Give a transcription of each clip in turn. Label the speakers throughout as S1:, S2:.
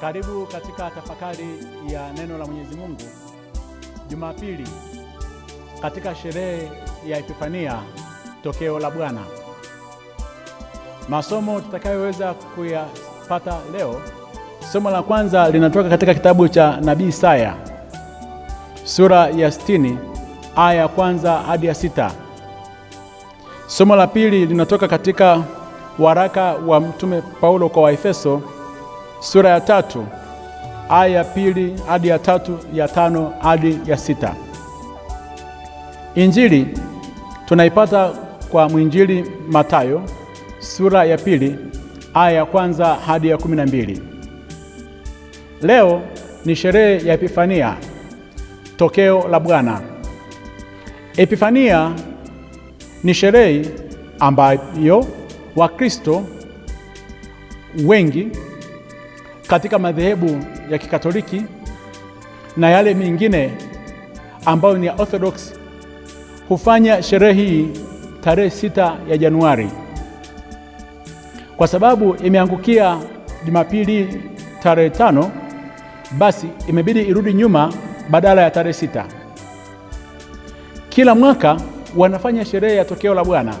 S1: Karibu katika tafakari ya neno la Mwenyezi Mungu Jumapili katika sherehe ya Epifania, tokeo la Bwana. Masomo tutakayoweza kuyapata leo, somo la kwanza linatoka katika kitabu cha nabii Isaya sura ya 60 aya ya kwanza hadi ya sita. Somo la pili linatoka katika waraka wa mtume Paulo kwa Waefeso sura ya tatu aya ya pili hadi ya tatu, ya tano hadi ya sita. Injili tunaipata kwa mwinjili matayo sura ya pili aya ya kwanza hadi ya kumi na mbili. Leo ni sherehe ya Epifania, tokeo la Bwana. Epifania ni sherehe ambayo Wakristo wengi katika madhehebu ya Kikatoliki na yale mengine ambayo ni ya Orthodox hufanya sherehe hii tarehe sita ya Januari kwa sababu imeangukia Jumapili tarehe tano, basi imebidi irudi nyuma badala ya tarehe sita. Kila mwaka wanafanya sherehe ya tokeo la Bwana.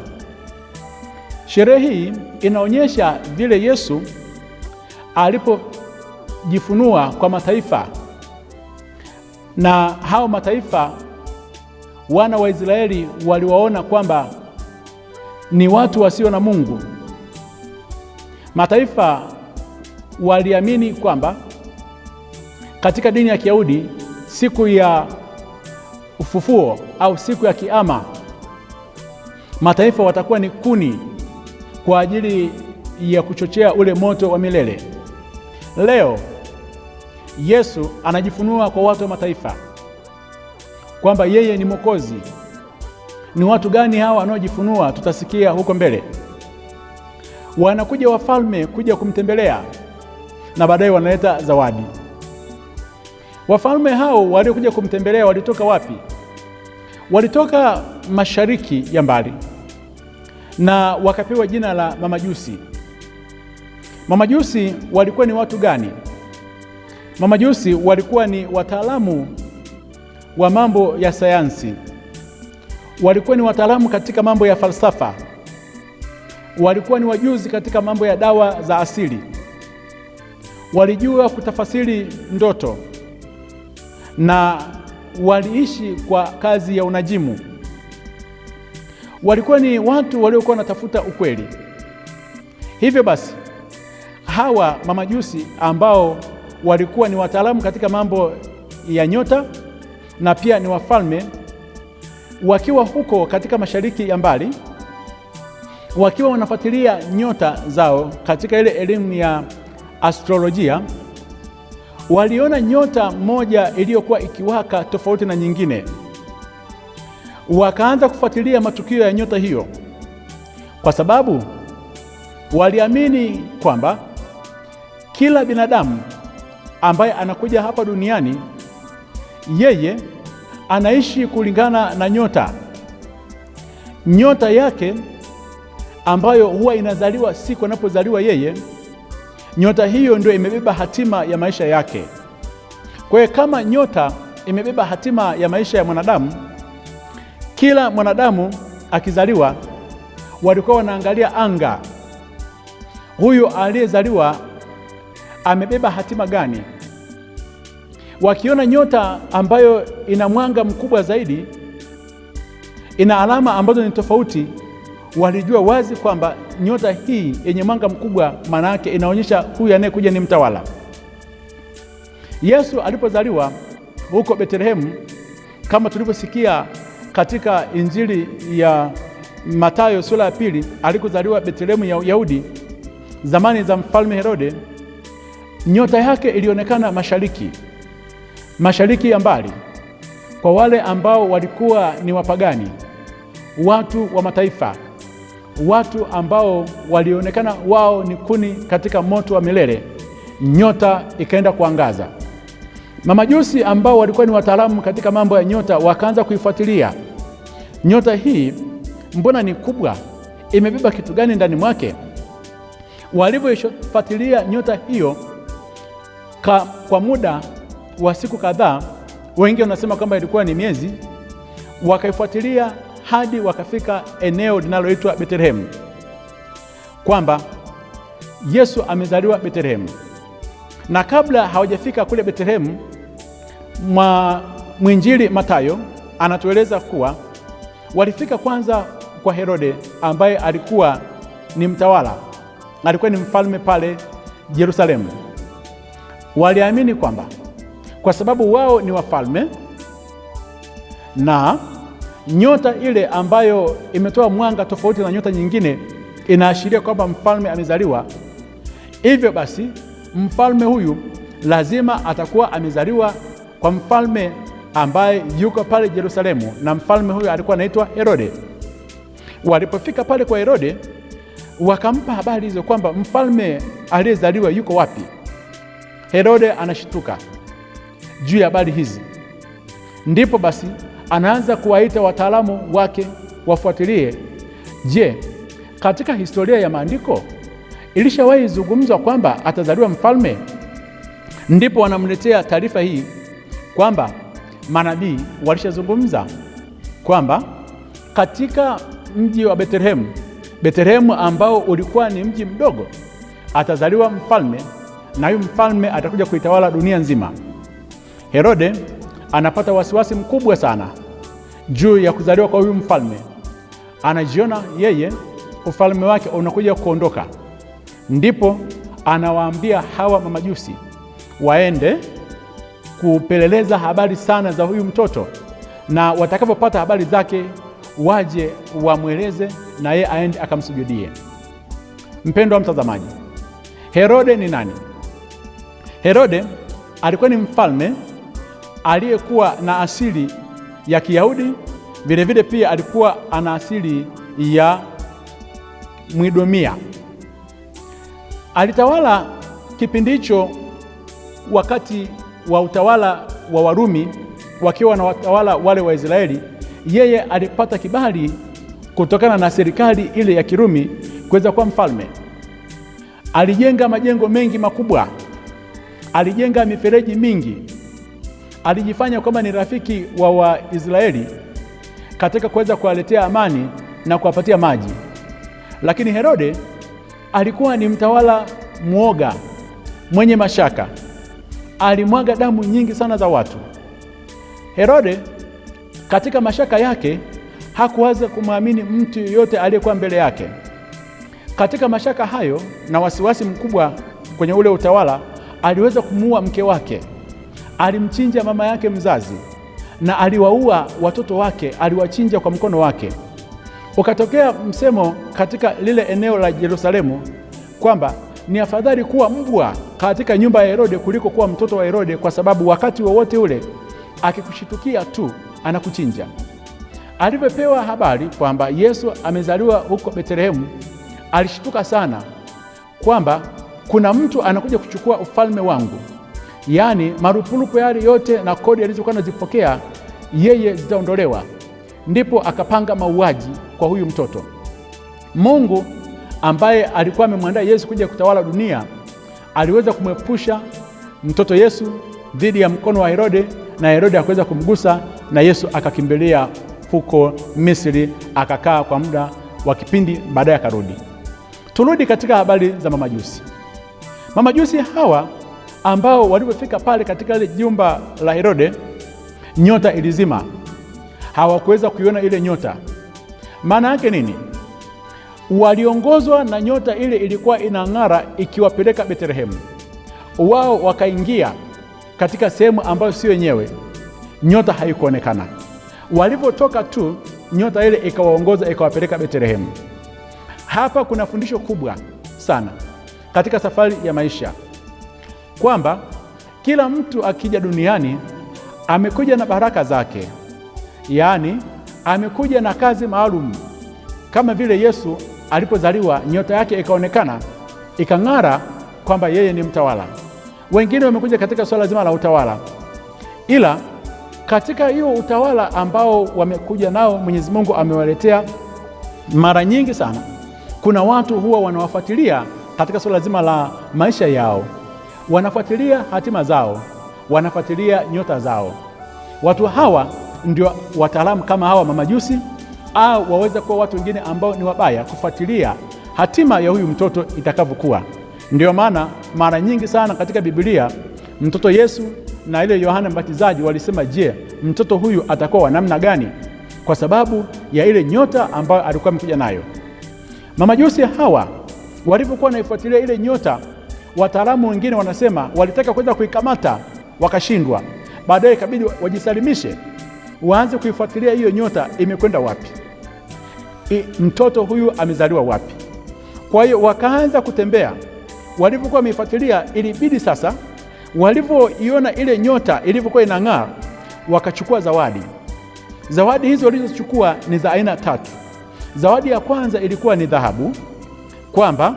S1: Sherehe hii inaonyesha vile Yesu alipo kujifunua kwa mataifa, na hao mataifa wana wa Israeli waliwaona kwamba ni watu wasio na Mungu. Mataifa waliamini kwamba katika dini ya Kiyahudi siku ya ufufuo au siku ya kiama mataifa watakuwa ni kuni kwa ajili ya kuchochea ule moto wa milele. Leo Yesu anajifunua kwa watu wa mataifa kwamba yeye ni Mwokozi. Ni watu gani hawa wanaojifunua? Tutasikia huko mbele. Wanakuja wafalme kuja kumtembelea na baadaye wanaleta zawadi. Wafalme hao waliokuja kumtembelea walitoka wapi? Walitoka mashariki ya mbali na wakapewa jina la mamajusi. Mamajusi walikuwa ni watu gani? Mamajusi walikuwa ni wataalamu wa mambo ya sayansi, walikuwa ni wataalamu katika mambo ya falsafa, walikuwa ni wajuzi katika mambo ya dawa za asili, walijua kutafasiri ndoto na waliishi kwa kazi ya unajimu. Walikuwa ni watu waliokuwa wanatafuta ukweli. Hivyo basi hawa mamajusi ambao walikuwa ni wataalamu katika mambo ya nyota na pia ni wafalme. Wakiwa huko katika mashariki ya mbali, wakiwa wanafuatilia nyota zao katika ile elimu ya astrolojia, waliona nyota moja iliyokuwa ikiwaka tofauti na nyingine. Wakaanza kufuatilia matukio ya nyota hiyo, kwa sababu waliamini kwamba kila binadamu ambaye anakuja hapa duniani, yeye anaishi kulingana na nyota nyota yake ambayo huwa inazaliwa siku anapozaliwa yeye. Nyota hiyo ndio imebeba hatima ya maisha yake. Kwa hiyo kama nyota imebeba hatima ya maisha ya mwanadamu, kila mwanadamu akizaliwa walikuwa wanaangalia anga, huyu aliyezaliwa amebeba hatima gani? wakiona nyota ambayo ina mwanga mkubwa zaidi, ina alama ambazo ni tofauti, walijua wazi kwamba nyota hii yenye mwanga mkubwa, maana yake inaonyesha huyu anayekuja ni mtawala. Yesu alipozaliwa huko Betlehemu, kama tulivyosikia katika Injili ya Mathayo sura ya pili, alikozaliwa Betlehemu ya Uyahudi zamani za mfalme Herode, nyota yake ilionekana mashariki mashariki ya mbali, kwa wale ambao walikuwa ni wapagani, watu wa mataifa, watu ambao walionekana wao ni kuni katika moto wa milele, nyota ikaenda kuangaza. Mamajusi ambao walikuwa ni wataalamu katika mambo ya nyota wakaanza kuifuatilia nyota hii, mbona ni kubwa, imebeba kitu gani ndani mwake? Walivyoifuatilia nyota hiyo ka, kwa muda wa siku kadhaa, wengi wanasema kwamba ilikuwa ni miezi. Wakaifuatilia hadi wakafika eneo linaloitwa Betlehemu, kwamba Yesu amezaliwa Betlehemu. Na kabla hawajafika kule Betlehemu, mwa mwinjili Mathayo anatueleza kuwa walifika kwanza kwa Herode ambaye alikuwa ni mtawala, alikuwa ni mfalme pale Yerusalemu. Waliamini kwamba kwa sababu wao ni wafalme na nyota ile ambayo imetoa mwanga tofauti na nyota nyingine inaashiria kwamba mfalme amezaliwa. Hivyo basi, mfalme huyu lazima atakuwa amezaliwa kwa mfalme ambaye yuko pale Yerusalemu, na mfalme huyu alikuwa anaitwa Herode. Walipofika pale kwa Herode, wakampa habari hizo kwamba mfalme aliyezaliwa yuko wapi. Herode anashituka juu ya habari hizi. Ndipo basi anaanza kuwaita wataalamu wake wafuatilie. Je, katika historia ya maandiko ilishawahi zungumzwa kwamba atazaliwa mfalme? Ndipo wanamletea taarifa hii kwamba manabii walishazungumza kwamba katika mji wa Betlehemu, Betlehemu ambao ulikuwa ni mji mdogo, atazaliwa mfalme na huyu mfalme atakuja kuitawala dunia nzima. Herode anapata wasiwasi mkubwa sana juu ya kuzaliwa kwa huyu mfalme. Anajiona yeye ufalme wake unakuja kuondoka. Ndipo anawaambia hawa mamajusi waende kupeleleza habari sana za huyu mtoto, na watakapopata habari zake waje wamweleze na yeye aende akamsujudie. Mpendwa mtazamaji, Herode ni nani? Herode alikuwa ni mfalme aliyekuwa na asili ya Kiyahudi, vilevile pia alikuwa ana asili ya Mwidomia. Alitawala kipindi hicho wakati wa utawala wa Warumi wakiwa na watawala wale wa Israeli. Yeye alipata kibali kutokana na serikali ile ya Kirumi kuweza kuwa mfalme. Alijenga majengo mengi makubwa, alijenga mifereji mingi alijifanya kwamba ni rafiki wa Waisraeli katika kuweza kuwaletea amani na kuwapatia maji, lakini Herode alikuwa ni mtawala mwoga mwenye mashaka, alimwaga damu nyingi sana za watu. Herode katika mashaka yake hakuwaza kumwamini mtu yoyote aliyekuwa mbele yake. Katika mashaka hayo na wasiwasi mkubwa kwenye ule utawala, aliweza kumuua mke wake alimchinja mama yake mzazi na aliwaua watoto wake, aliwachinja kwa mkono wake. Ukatokea msemo katika lile eneo la Yerusalemu kwamba ni afadhali kuwa mbwa katika nyumba ya Herode kuliko kuwa mtoto wa Herode, kwa sababu wakati wowote ule akikushitukia tu anakuchinja. Alivyopewa habari kwamba Yesu amezaliwa huko Betlehemu, alishtuka sana kwamba kuna mtu anakuja kuchukua ufalme wangu yaani marupurupu yale yote na kodi alizokuwa anazipokea yeye zitaondolewa. Ndipo akapanga mauaji kwa huyu mtoto. Mungu ambaye alikuwa amemwandaa Yesu kuja kutawala dunia aliweza kumwepusha mtoto Yesu dhidi ya mkono wa Herode, na Herode akaweza kumgusa, na Yesu akakimbilia huko Misri akakaa kwa muda wa kipindi, baadaye akarudi. Turudi katika habari za mamajusi. Mamajusi hawa ambao walipofika pale katika ile jumba la Herode, nyota ilizima, hawakuweza kuiona ile nyota. Maana yake nini? Waliongozwa na nyota ile ilikuwa inang'ara ikiwapeleka Betlehemu, wao wakaingia katika sehemu ambayo sio yenyewe, nyota haikuonekana. Walipotoka tu nyota ile ikawaongoza ikawapeleka Betlehemu. Hapa kuna fundisho kubwa sana katika safari ya maisha kwamba kila mtu akija duniani amekuja na baraka zake, yaani amekuja na kazi maalum, kama vile Yesu alipozaliwa nyota yake ikaonekana ikang'ara, kwamba yeye ni mtawala. Wengine wamekuja katika swala zima la utawala, ila katika hiyo utawala ambao wamekuja nao, Mwenyezi Mungu amewaletea mara nyingi sana, kuna watu huwa wanawafuatilia katika swala zima la maisha yao wanafuatilia hatima zao, wanafuatilia nyota zao. Watu hawa ndio wataalamu kama hawa mamajusi, au waweza kuwa watu wengine ambao ni wabaya, kufuatilia hatima ya huyu mtoto itakavyokuwa. Ndiyo maana mara nyingi sana katika Biblia mtoto Yesu na ile Yohana Mbatizaji walisema, je, mtoto huyu atakuwa wa namna gani? Kwa sababu ya ile nyota ambayo alikuwa amekuja nayo. Mamajusi hawa walivyokuwa wanaifuatilia ile nyota Wataalamu wengine wanasema walitaka kuweza kuikamata wakashindwa, baadaye ikabidi wajisalimishe, waanze kuifuatilia hiyo nyota imekwenda wapi, I, mtoto huyu amezaliwa wapi. Kwa hiyo wakaanza kutembea, walivyokuwa wameifuatilia, ilibidi sasa, walivyoiona ile nyota ilivyokuwa inang'aa, wakachukua zawadi. Zawadi hizo walizochukua ni za aina tatu. Zawadi ya kwanza ilikuwa ni dhahabu, kwamba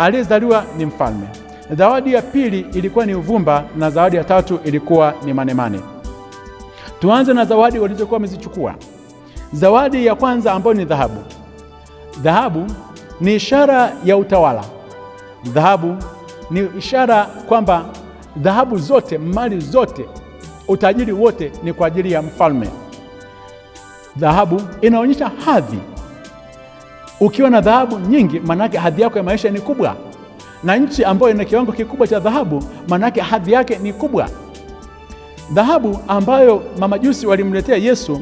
S1: Aliyezaliwa ni mfalme. Zawadi ya pili ilikuwa ni uvumba na zawadi ya tatu ilikuwa ni manemane. Tuanze na zawadi walizokuwa wamezichukua. Zawadi ya kwanza ambayo ni dhahabu. Dhahabu ni ishara ya utawala. Dhahabu ni ishara kwamba dhahabu zote, mali zote, utajiri wote ni kwa ajili ya mfalme. Dhahabu inaonyesha hadhi ukiwa na dhahabu nyingi, maanake hadhi yako ya maisha ni kubwa, na nchi ambayo ina kiwango kikubwa cha dhahabu, maanake hadhi yake ni kubwa. Dhahabu ambayo mamajusi walimletea Yesu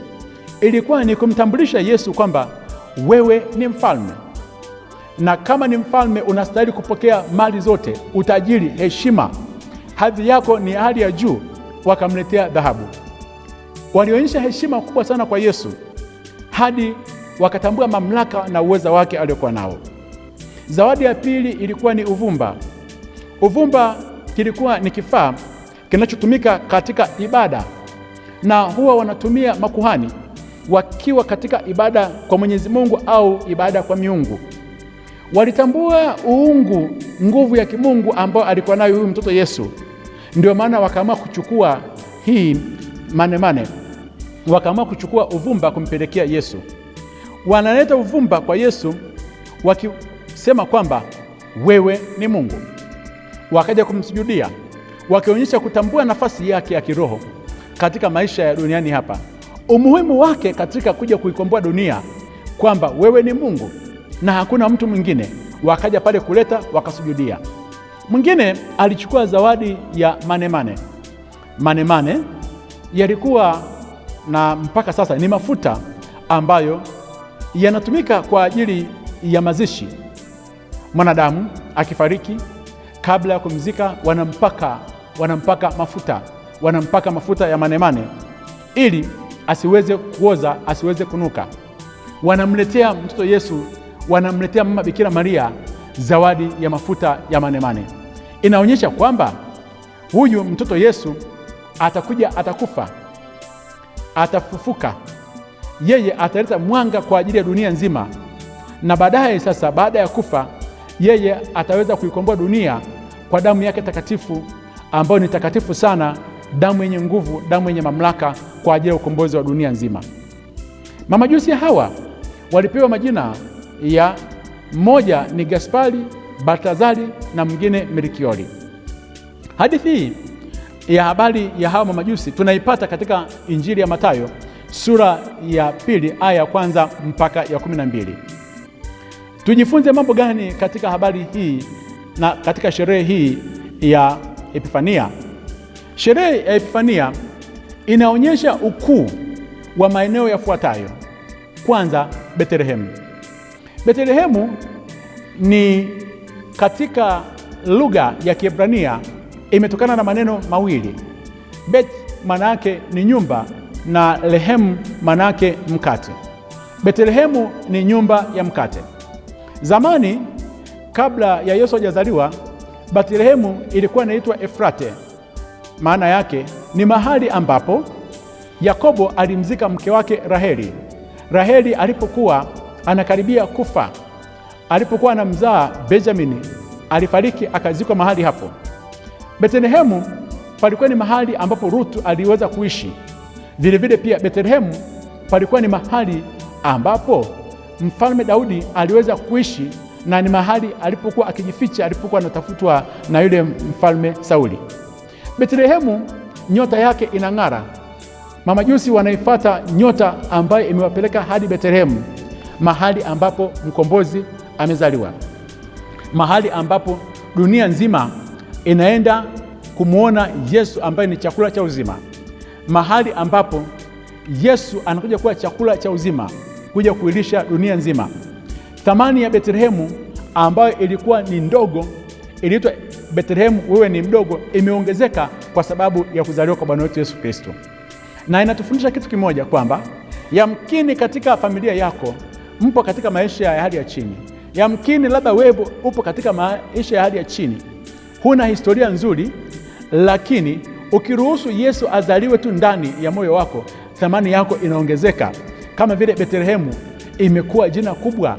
S1: ilikuwa ni kumtambulisha Yesu kwamba wewe ni mfalme, na kama ni mfalme unastahili kupokea mali zote, utajiri, heshima, hadhi yako ni hali ya juu. Wakamletea dhahabu, walionyesha heshima kubwa sana kwa Yesu hadi wakatambua mamlaka na uweza wake aliokuwa nao. Zawadi ya pili ilikuwa ni uvumba. Uvumba kilikuwa ni kifaa kinachotumika katika ibada na huwa wanatumia makuhani wakiwa katika ibada kwa Mwenyezi Mungu au ibada kwa miungu. Walitambua uungu, nguvu ya kimungu ambayo alikuwa nayo huyu mtoto Yesu. Ndio maana wakaamua kuchukua hii manemane, wakaamua kuchukua uvumba kumpelekea Yesu wanaleta uvumba kwa Yesu wakisema kwamba wewe ni Mungu, wakaja kumsujudia wakionyesha kutambua nafasi yake ya kiroho katika maisha ya duniani hapa, umuhimu wake katika kuja kuikomboa dunia, kwamba wewe ni Mungu na hakuna mtu mwingine. Wakaja pale kuleta wakasujudia. Mwingine alichukua zawadi ya manemane. Manemane yalikuwa na mpaka sasa ni mafuta ambayo yanatumika kwa ajili ya mazishi. Mwanadamu akifariki, kabla ya kumzika, wanampaka wanampaka mafuta wanampaka mafuta ya manemane ili asiweze kuoza, asiweze kunuka. Wanamletea mtoto Yesu, wanamletea mama Bikira Maria zawadi ya mafuta ya manemane. Inaonyesha kwamba huyu mtoto Yesu atakuja, atakufa, atafufuka yeye ataleta mwanga kwa ajili ya dunia nzima, na baadaye sasa, baada ya kufa, yeye ataweza kuikomboa dunia kwa damu yake takatifu, ambayo ni takatifu sana, damu yenye nguvu, damu yenye mamlaka kwa ajili ya ukombozi wa dunia nzima. Mamajusi hawa walipewa majina ya mmoja ni Gaspari, Baltazari na mwingine Melikiori. Hadithi hii ya habari ya hawa mamajusi tunaipata katika Injili ya Mathayo sura ya pili aya ya kwanza mpaka ya kumi na mbili. Tujifunze mambo gani katika habari hii na katika sherehe hii ya Epifania? Sherehe ya Epifania inaonyesha ukuu wa maeneo yafuatayo. Kwanza, Betlehemu. Betlehemu ni katika lugha ya Kiebrania imetokana na maneno mawili. Bet maana yake ni nyumba na lehemu manake mkate. Betlehemu ni nyumba ya mkate. Zamani kabla ya Yesu hajazaliwa, Betlehemu ilikuwa inaitwa Efrate, maana yake ni mahali ambapo Yakobo alimzika mke wake Raheli. Raheli alipokuwa anakaribia kufa, alipokuwa anamzaa Benjamini, alifariki akazikwa mahali hapo. Betlehemu palikuwa ni mahali ambapo Rutu aliweza kuishi. Vilevile pia Bethlehemu palikuwa ni mahali ambapo mfalme Daudi aliweza kuishi na ni mahali alipokuwa akijificha alipokuwa anatafutwa na yule mfalme Sauli. Bethlehemu nyota yake inang'ara. Mamajusi wanaifata nyota ambayo imewapeleka hadi Bethlehemu, mahali ambapo mkombozi amezaliwa, mahali ambapo dunia nzima inaenda kumwona Yesu ambaye ni chakula cha uzima mahali ambapo Yesu anakuja kuwa chakula cha uzima, kuja kuilisha dunia nzima. Thamani ya Betlehemu ambayo ilikuwa ni ndogo, iliitwa Betlehemu, wewe ni mdogo, imeongezeka kwa sababu ya kuzaliwa kwa Bwana wetu Yesu Kristo, na inatufundisha kitu kimoja kwamba yamkini katika familia yako mpo katika maisha ya hali ya chini, yamkini labda wewe upo katika maisha ya hali ya chini, huna historia nzuri, lakini Ukiruhusu Yesu azaliwe tu ndani ya moyo wako, thamani yako inaongezeka, kama vile Betlehemu imekuwa jina kubwa,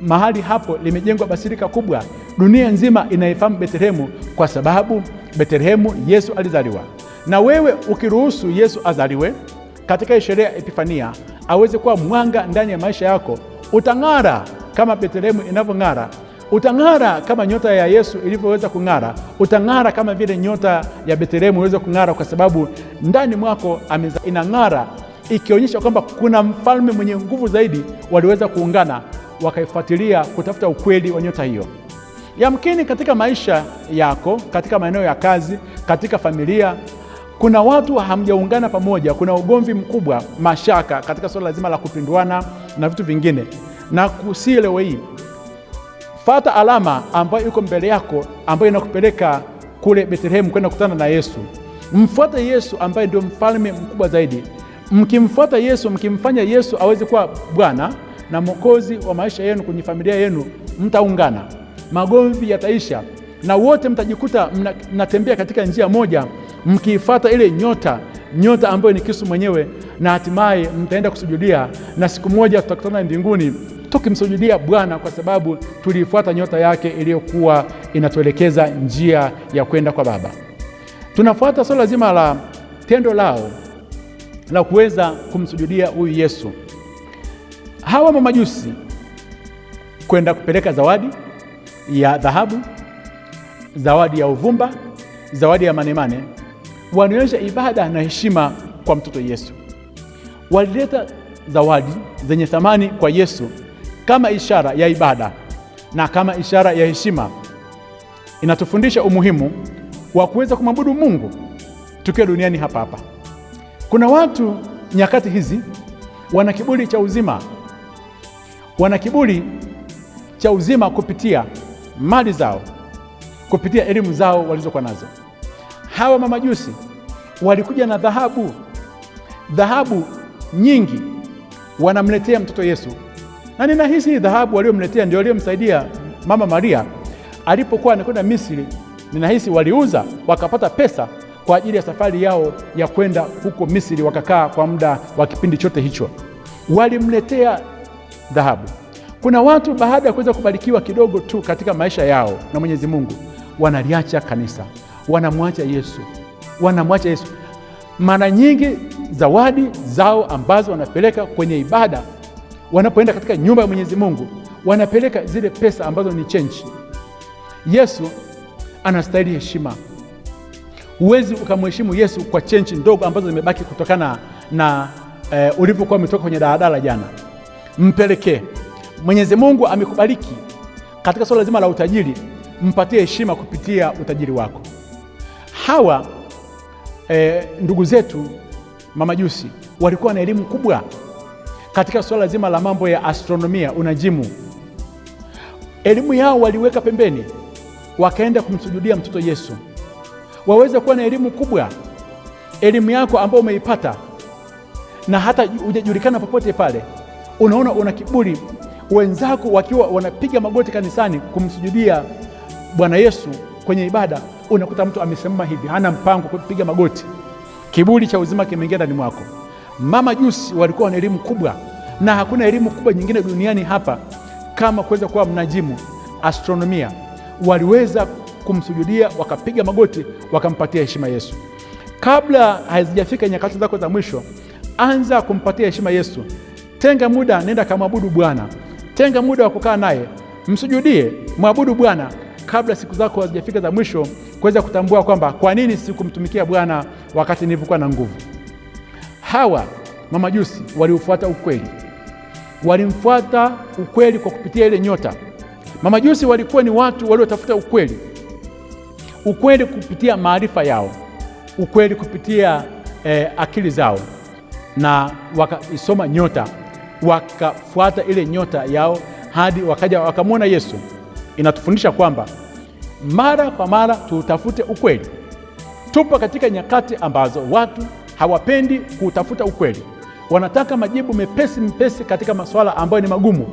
S1: mahali hapo limejengwa basilika kubwa, dunia nzima inaifahamu Betlehemu kwa sababu Betlehemu Yesu alizaliwa. Na wewe ukiruhusu Yesu azaliwe katika sherehe Epifania, aweze kuwa mwanga ndani ya maisha yako, utang'ara kama Betlehemu inavyong'ara Utang'ara kama nyota ya Yesu ilivyoweza kung'ara, utang'ara kama vile nyota ya betlehemu iliweza kung'ara, kwa sababu ndani mwako ameza inang'ara, ikionyesha kwamba kuna mfalme mwenye nguvu zaidi. Waliweza kuungana wakaifuatilia kutafuta ukweli wa nyota hiyo. Yamkini katika maisha yako, katika maeneo ya kazi, katika familia, kuna watu hamjaungana pamoja, kuna ugomvi mkubwa, mashaka katika suala zima la kupinduana na vitu vingine na kusielewei fata alama ambayo iko mbele yako ambayo inakupeleka kule Betlehemu kwenda kukutana na Yesu. Mfuate Yesu ambaye ndio mfalme mkubwa zaidi. Mkimfuata Yesu, mkimfanya Yesu aweze kuwa Bwana na Mwokozi wa maisha yenu kwenye familia yenu, mtaungana, magomvi yataisha, na wote mtajikuta mnatembea katika njia moja, mkiifata ile nyota, nyota ambayo ni Kristo mwenyewe, na hatimaye mtaenda kusujudia, na siku moja tutakutana mbinguni tukimsujudia Bwana kwa sababu tuliifuata nyota yake iliyokuwa inatuelekeza njia ya kwenda kwa Baba. Tunafuata swala so zima la tendo lao la kuweza kumsujudia huyu Yesu. Hawa mamajusi kwenda kupeleka zawadi ya dhahabu, zawadi ya uvumba, zawadi ya manemane, wanaonyesha ibada na heshima kwa mtoto Yesu. Walileta zawadi zenye thamani kwa Yesu kama ishara ya ibada na kama ishara ya heshima. Inatufundisha umuhimu wa kuweza kumwabudu Mungu tukiwa duniani hapa hapa. Kuna watu nyakati hizi wana kiburi cha uzima, wana kiburi cha uzima kupitia mali zao, kupitia elimu zao walizokuwa nazo. Hawa mamajusi walikuja na dhahabu, dhahabu nyingi, wanamletea mtoto Yesu na ninahisi dhahabu waliomletea ndio waliomsaidia Mama Maria alipokuwa anakwenda Misri. Ninahisi waliuza wakapata pesa kwa ajili ya safari yao ya kwenda huko Misri, wakakaa kwa muda wa kipindi chote hicho, walimletea dhahabu. Kuna watu baada ya kuweza kubarikiwa kidogo tu katika maisha yao na Mwenyezi Mungu, wanaliacha kanisa, wanamwacha Yesu, wanamwacha Yesu. Mara nyingi zawadi zao ambazo wanapeleka kwenye ibada wanapoenda katika nyumba ya Mwenyezi Mungu wanapeleka zile pesa ambazo ni chenji. Yesu anastahili heshima. Huwezi ukamheshimu Yesu kwa chenji ndogo ambazo zimebaki kutokana na e, ulivyokuwa umetoka kwenye daladala jana. Mpelekee. Mwenyezi Mungu amekubariki katika swala zima la utajiri, mpatie heshima kupitia utajiri wako. Hawa e, ndugu zetu mamajusi walikuwa na elimu kubwa katika suala zima la mambo ya astronomia, unajimu, elimu yao waliweka pembeni, wakaenda kumsujudia mtoto Yesu. Waweze kuwa na elimu kubwa, elimu yako ambayo umeipata na hata hujajulikana popote pale, unaona una kiburi, wenzako wakiwa wanapiga magoti kanisani kumsujudia Bwana Yesu kwenye ibada, unakuta mtu amesimama hivi, hana mpango kupiga magoti. Kiburi cha uzima kimeingia ndani mwako. Mama Jusi walikuwa na elimu kubwa, na hakuna elimu kubwa nyingine duniani hapa kama kuweza kuwa mnajimu, astronomia. Waliweza kumsujudia wakapiga magoti wakampatia heshima Yesu. Kabla hazijafika nyakati zako za mwisho, anza kumpatia heshima Yesu. Tenga muda, nenda kamwabudu Bwana. Tenga muda wa kukaa naye, msujudie, mwabudu Bwana kabla siku zako hazijafika za mwisho, kuweza kutambua kwamba kwa nini sikumtumikia Bwana wakati nilivyokuwa na nguvu hawa mamajusi waliufuata ukweli, walimfuata ukweli kwa kupitia ile nyota. Mamajusi walikuwa ni watu waliotafuta ukweli, ukweli kupitia maarifa yao, ukweli kupitia eh, akili zao, na wakaisoma nyota, wakafuata ile nyota yao hadi wakaja wakamwona Yesu. Inatufundisha kwamba mara kwa mara tuutafute ukweli. Tupo katika nyakati ambazo watu hawapendi kutafuta ukweli, wanataka majibu mepesi mepesi katika masuala ambayo ni magumu.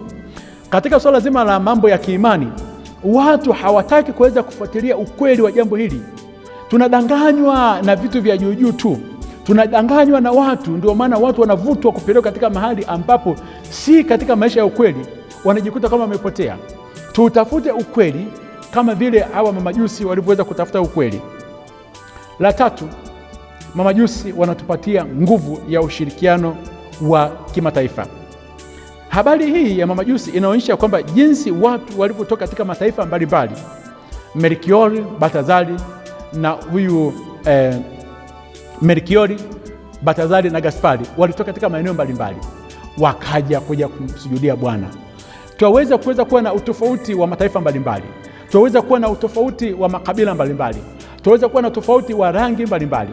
S1: Katika swala zima la mambo ya kiimani, watu hawataki kuweza kufuatilia ukweli wa jambo hili. Tunadanganywa na vitu vya juujuu tu, tunadanganywa na watu. Ndio maana watu wanavutwa kupelekwa katika mahali ambapo si katika maisha ya ukweli, wanajikuta kama wamepotea. Tutafute ukweli kama vile hawa mamajusi walivyoweza kutafuta ukweli. La tatu mamajusi wanatupatia nguvu ya ushirikiano wa kimataifa. Habari hii ya mamajusi inaonyesha kwamba jinsi watu walivyotoka katika mataifa mbalimbali, Melkiori, Batazari na huyu eh, Melkiori, Batazari na Gaspari walitoka katika maeneo mbalimbali, wakaja kuja kumsujudia Bwana. Twaweza kuweza kuwa na utofauti wa mataifa mbalimbali, twaweza kuwa na utofauti wa makabila mbalimbali, twaweza kuwa na utofauti wa rangi mbalimbali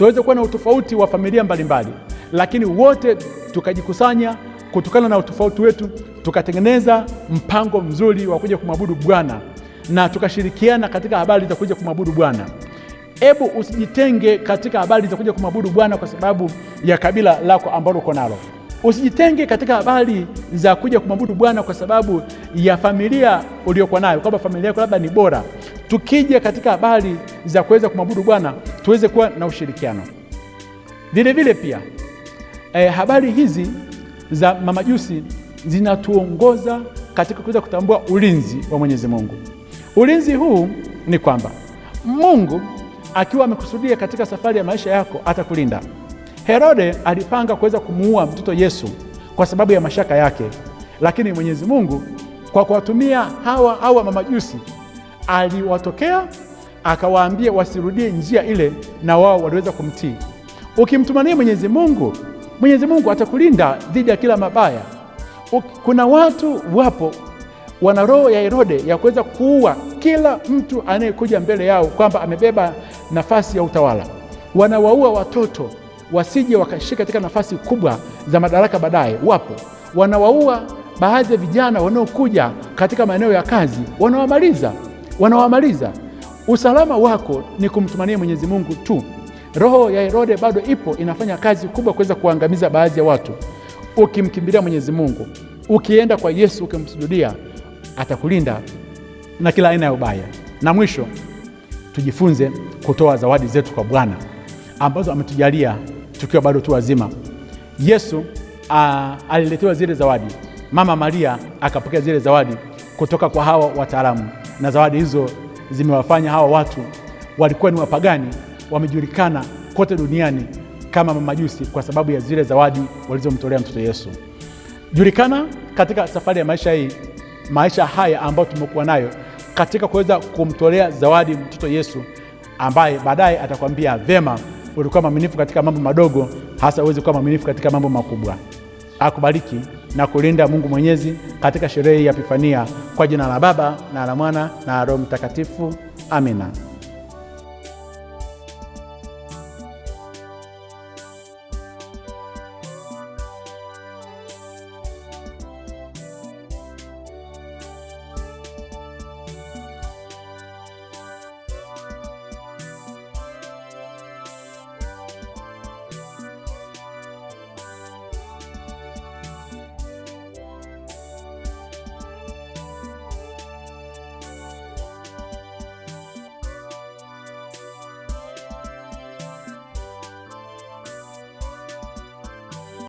S1: tuweze kuwa na utofauti wa familia mbalimbali mbali, lakini wote tukajikusanya kutokana na utofauti wetu tukatengeneza mpango mzuri wa kuja kumwabudu Bwana na tukashirikiana katika habari za kuja kumwabudu Bwana. ebu usijitenge katika habari za kuja kumwabudu Bwana kwa sababu ya kabila lako ambalo uko nalo. Usijitenge katika habari za kuja kumwabudu Bwana kwa sababu ya familia uliokuwa nayo, kwamba familia yako labda ni bora. Tukija katika habari za kuweza kumwabudu Bwana tuweze kuwa na ushirikiano. Vilevile pia eh, habari hizi za mamajusi zinatuongoza katika kuweza kutambua ulinzi wa Mwenyezi Mungu. Ulinzi huu ni kwamba Mungu akiwa amekusudia katika safari ya maisha yako atakulinda. Herode alipanga kuweza kumuua mtoto Yesu kwa sababu ya mashaka yake, lakini Mwenyezi Mungu kwa kuwatumia hawa hawa mamajusi aliwatokea akawaambia wasirudie njia ile, na wao waliweza kumtii. Ukimtumania Mwenyezi Mungu, Mwenyezi Mungu atakulinda dhidi ya kila mabaya. Kuna watu wapo wana roho ya Herode ya kuweza kuua kila mtu anayekuja mbele yao kwamba amebeba nafasi ya utawala. Wanawaua watoto wasije wakashika katika nafasi kubwa za madaraka baadaye. Wapo wanawaua baadhi ya vijana wanaokuja katika maeneo ya kazi, wanawamaliza wanawamaliza. Usalama wako ni kumtumania Mwenyezi Mungu tu. Roho ya Herode bado ipo inafanya kazi kubwa kuweza kuangamiza baadhi ya watu. Ukimkimbilia Mwenyezi Mungu, ukienda kwa Yesu ukimsujudia, atakulinda na kila aina ya ubaya. Na mwisho, tujifunze kutoa zawadi zetu kwa Bwana ambazo ametujalia tukiwa bado tu wazima. Yesu aliletewa zile zawadi, Mama Maria akapokea zile zawadi kutoka kwa hawa wataalamu, na zawadi hizo zimewafanya hawa watu walikuwa ni wapagani, wamejulikana kote duniani kama mamajusi kwa sababu ya zile zawadi walizomtolea mtoto Yesu. Julikana katika safari ya maisha hii, maisha haya ambayo tumekuwa nayo katika kuweza kumtolea zawadi mtoto Yesu, ambaye baadaye atakwambia vema, ulikuwa mwaminifu katika mambo madogo, hasa uweze kuwa mwaminifu katika mambo makubwa. Akubariki na kulinda Mungu Mwenyezi katika sherehe ya Epifania kwa jina la Baba na la Mwana na Roho Mtakatifu. Amina.